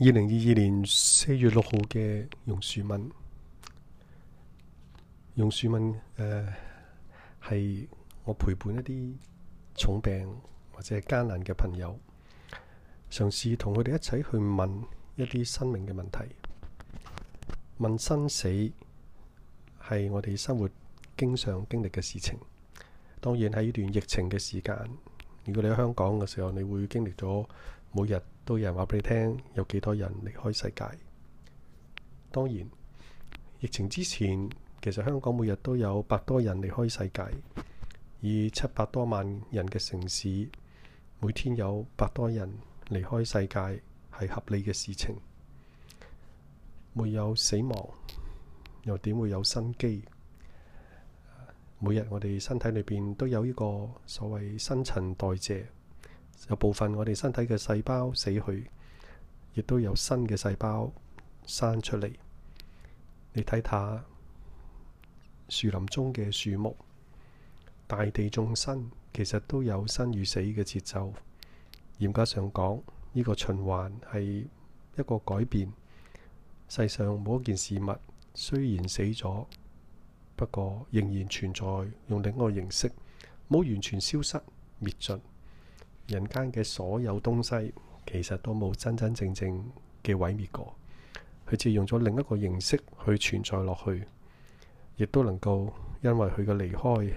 二零二二年四月六號嘅榕樹問，榕樹問，誒、呃，係我陪伴一啲重病或者係艱難嘅朋友，嘗試同佢哋一齊去問一啲生命嘅問題，問生死係我哋生活經常經歷嘅事情。當然喺呢段疫情嘅時間，如果你喺香港嘅時候，你會經歷咗每日。都有人話俾你聽，有幾多人離開世界。當然，疫情之前其實香港每日都有百多人離開世界，以七百多萬人嘅城市，每天有百多人離開世界係合理嘅事情。沒有死亡，又點會有生機？每日我哋身體裏邊都有呢個所謂新陳代謝。有部分我哋身體嘅細胞死去，亦都有新嘅細胞生出嚟。你睇下樹林中嘅樹木，大地眾生其實都有生與死嘅節奏。嚴格上講，呢個循環係一個改變。世上每一件事物雖然死咗，不過仍然存在，用另外形式冇完全消失滅盡。滅盡人間嘅所有東西，其實都冇真真正正嘅毀滅過，佢只用咗另一個形式去存在落去，亦都能夠因為佢嘅離開，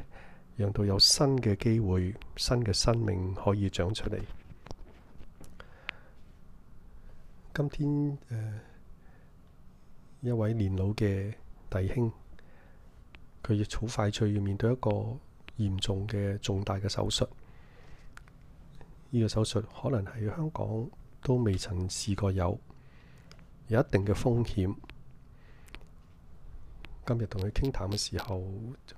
讓到有新嘅機會、新嘅生命可以長出嚟。今天，呃，一位年老嘅弟兄，佢亦好快脆要面對一個嚴重嘅重大嘅手術。呢個手術可能喺香港都未曾試過有，有一定嘅風險。今日同佢傾談嘅時候，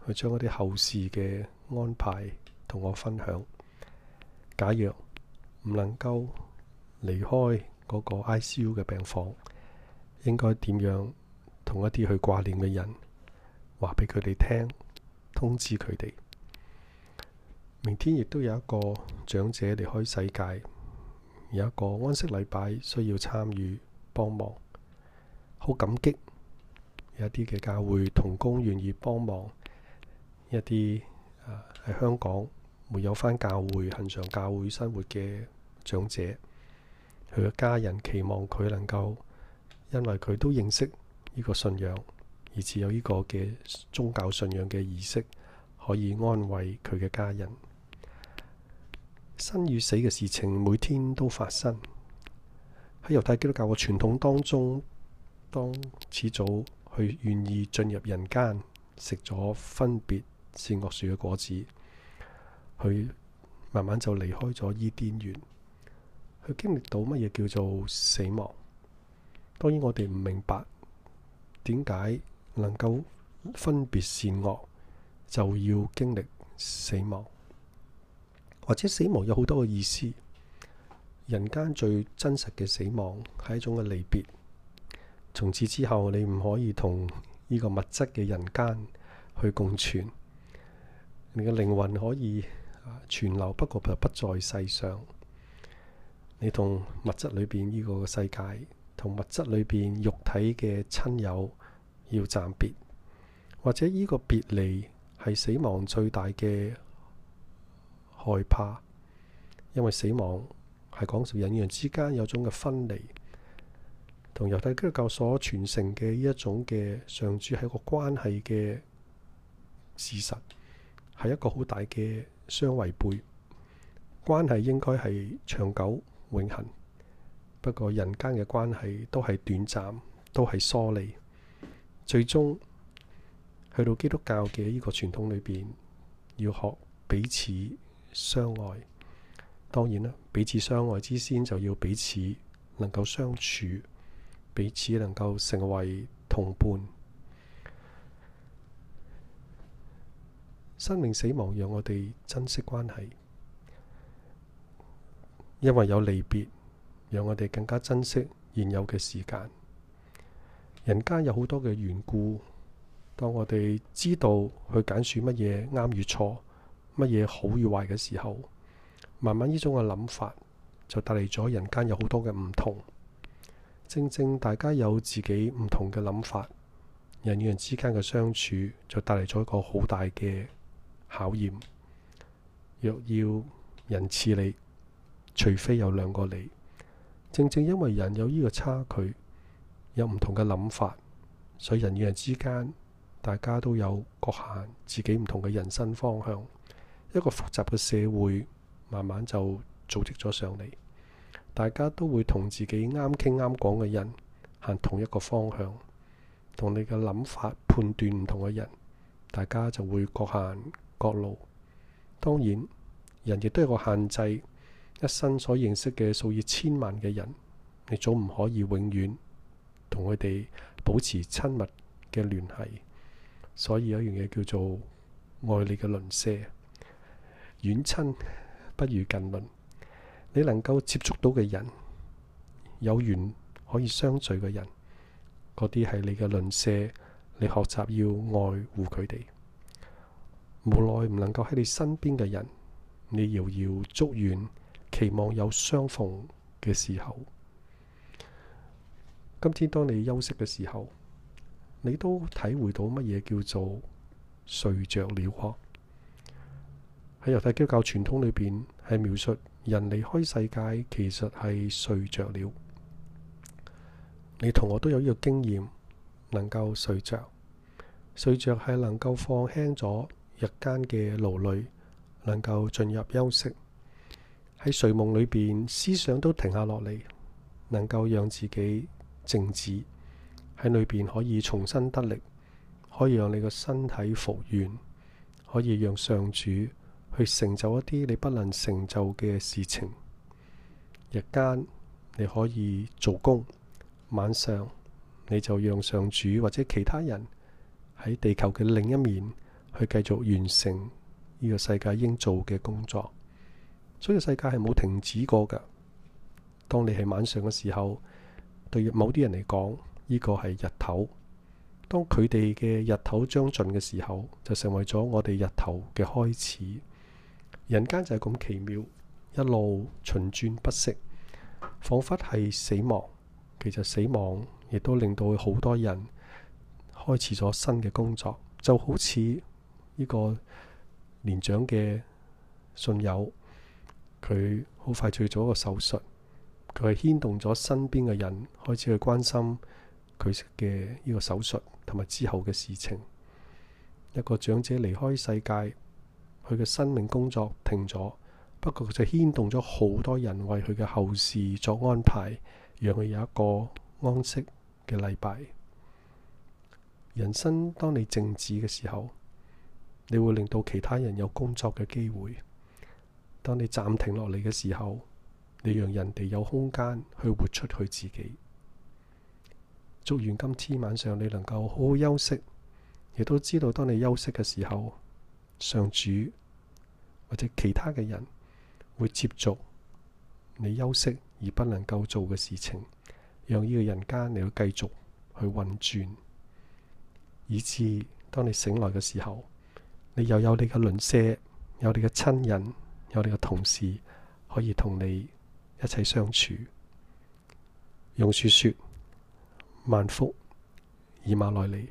佢將嗰啲後事嘅安排同我分享。假若唔能夠離開嗰個 ICU 嘅病房，應該點樣同一啲去掛念嘅人話俾佢哋聽，通知佢哋？明天亦都有一個長者離開世界，有一個安息禮拜需要參與幫忙。好感激有一啲嘅教會同工願意幫忙一啲喺香港沒有返教會恆常教會生活嘅長者，佢嘅家人期望佢能夠，因為佢都認識呢個信仰，而持有呢個嘅宗教信仰嘅儀式可以安慰佢嘅家人。生與死嘅事情，每天都發生喺猶太基督教嘅傳統當中。當始祖佢願意進入人間，食咗分別善惡樹嘅果子，佢慢慢就離開咗伊甸園，佢經歷到乜嘢叫做死亡。當然我哋唔明白點解能夠分別善惡就要經歷死亡。或者死亡有好多嘅意思，人間最真實嘅死亡係一種嘅離別，從此之後你唔可以同呢個物質嘅人間去共存，你嘅靈魂可以存留，不過就不在世上。你同物質裏邊呢個世界，同物質裏邊肉體嘅親友要暫別，或者呢個別離係死亡最大嘅害怕，因為死亡係講述人與人之間有種嘅分離，同猶太基督教所傳承嘅呢一種嘅上主係一個關係嘅事實係一個好大嘅相違背。關係應該係長久永恆，不過人間嘅關係都係短暫，都係疏離。最終去到基督教嘅呢個傳統裏邊，要學彼此相愛，當然啦。彼此相愛之先，就要彼此能夠相處，彼此能夠成為同伴。生命死亡讓我哋珍惜關係，因為有離別，讓我哋更加珍惜現有嘅時間。人間有好多嘅緣故，當我哋知道去揀選乜嘢啱與錯，乜嘢好與壞嘅時候，慢慢呢種嘅諗法就帶嚟咗人間有好多嘅唔同。正正大家有自己唔同嘅諗法，人與人之間嘅相處就帶嚟咗一個好大嘅考驗。若要人似你，除非有兩個你。正正因為人有呢個差距，有唔同嘅諗法，所以人與人之間大家都有局限自己唔同嘅人生方向。一個複雜嘅社會，慢慢就組織咗上嚟。大家都會同自己啱傾啱講嘅人行同一個方向，同你嘅諗法判斷唔同嘅人，大家就會各行各路。當然，人亦都有個限制，一生所認識嘅數以千萬嘅人，你總唔可以永遠同佢哋保持親密嘅聯繫。所以有一樣嘢叫做愛你嘅鄰舍。遠親不如近鄰，你能夠接觸到嘅人，有緣可以相聚嘅人，嗰啲係你嘅鄰舍，你學習要愛護佢哋。無奈唔能夠喺你身邊嘅人，你遙遙足遠，期望有相逢嘅時候。今天當你休息嘅時候，你都體會到乜嘢叫做睡着了。喺猶太基督教傳統裏邊，係描述人離開世界其實係睡着了。你同我都有呢個經驗，能夠睡着，睡着係能夠放輕咗日間嘅勞累，能夠進入休息。喺睡夢裏邊，思想都停下落嚟，能夠讓自己靜止喺裏邊，可以重新得力，可以讓你個身體復原，可以讓上主去成就一啲你不能成就嘅事情。日間你可以做工，晚上你就讓上主或者其他人喺地球嘅另一面去繼續完成呢個世界應做嘅工作。所以世界係冇停止過噶。當你係晚上嘅時候，對某啲人嚟講，呢個係日頭。當佢哋嘅日頭將盡嘅時候，就成為咗我哋日頭嘅開始。人間就係咁奇妙，一路循轉不息，彷彿係死亡。其實死亡亦都令到好多人開始咗新嘅工作，就好似呢個年長嘅信友，佢好快就要做一個手術，佢係牽動咗身邊嘅人開始去關心佢嘅呢個手術同埋之後嘅事情。一個長者離開世界。佢嘅生命工作停咗，不過就牽動咗好多人為佢嘅後事作安排，讓佢有一個安息嘅禮拜。人生當你靜止嘅時候，你會令到其他人有工作嘅機會；當你暫停落嚟嘅時候，你讓人哋有空間去活出佢自己。祝願今天晚上你能夠好好休息，亦都知道當你休息嘅時候。上主或者其他嘅人會接續你休息而不能夠做嘅事情，讓呢個人間你會繼續去運轉，以至當你醒來嘅時候，你又有你嘅鄰舍，有你嘅親人，有你嘅同事可以同你一齊相處。用樹說：萬福以馬內利。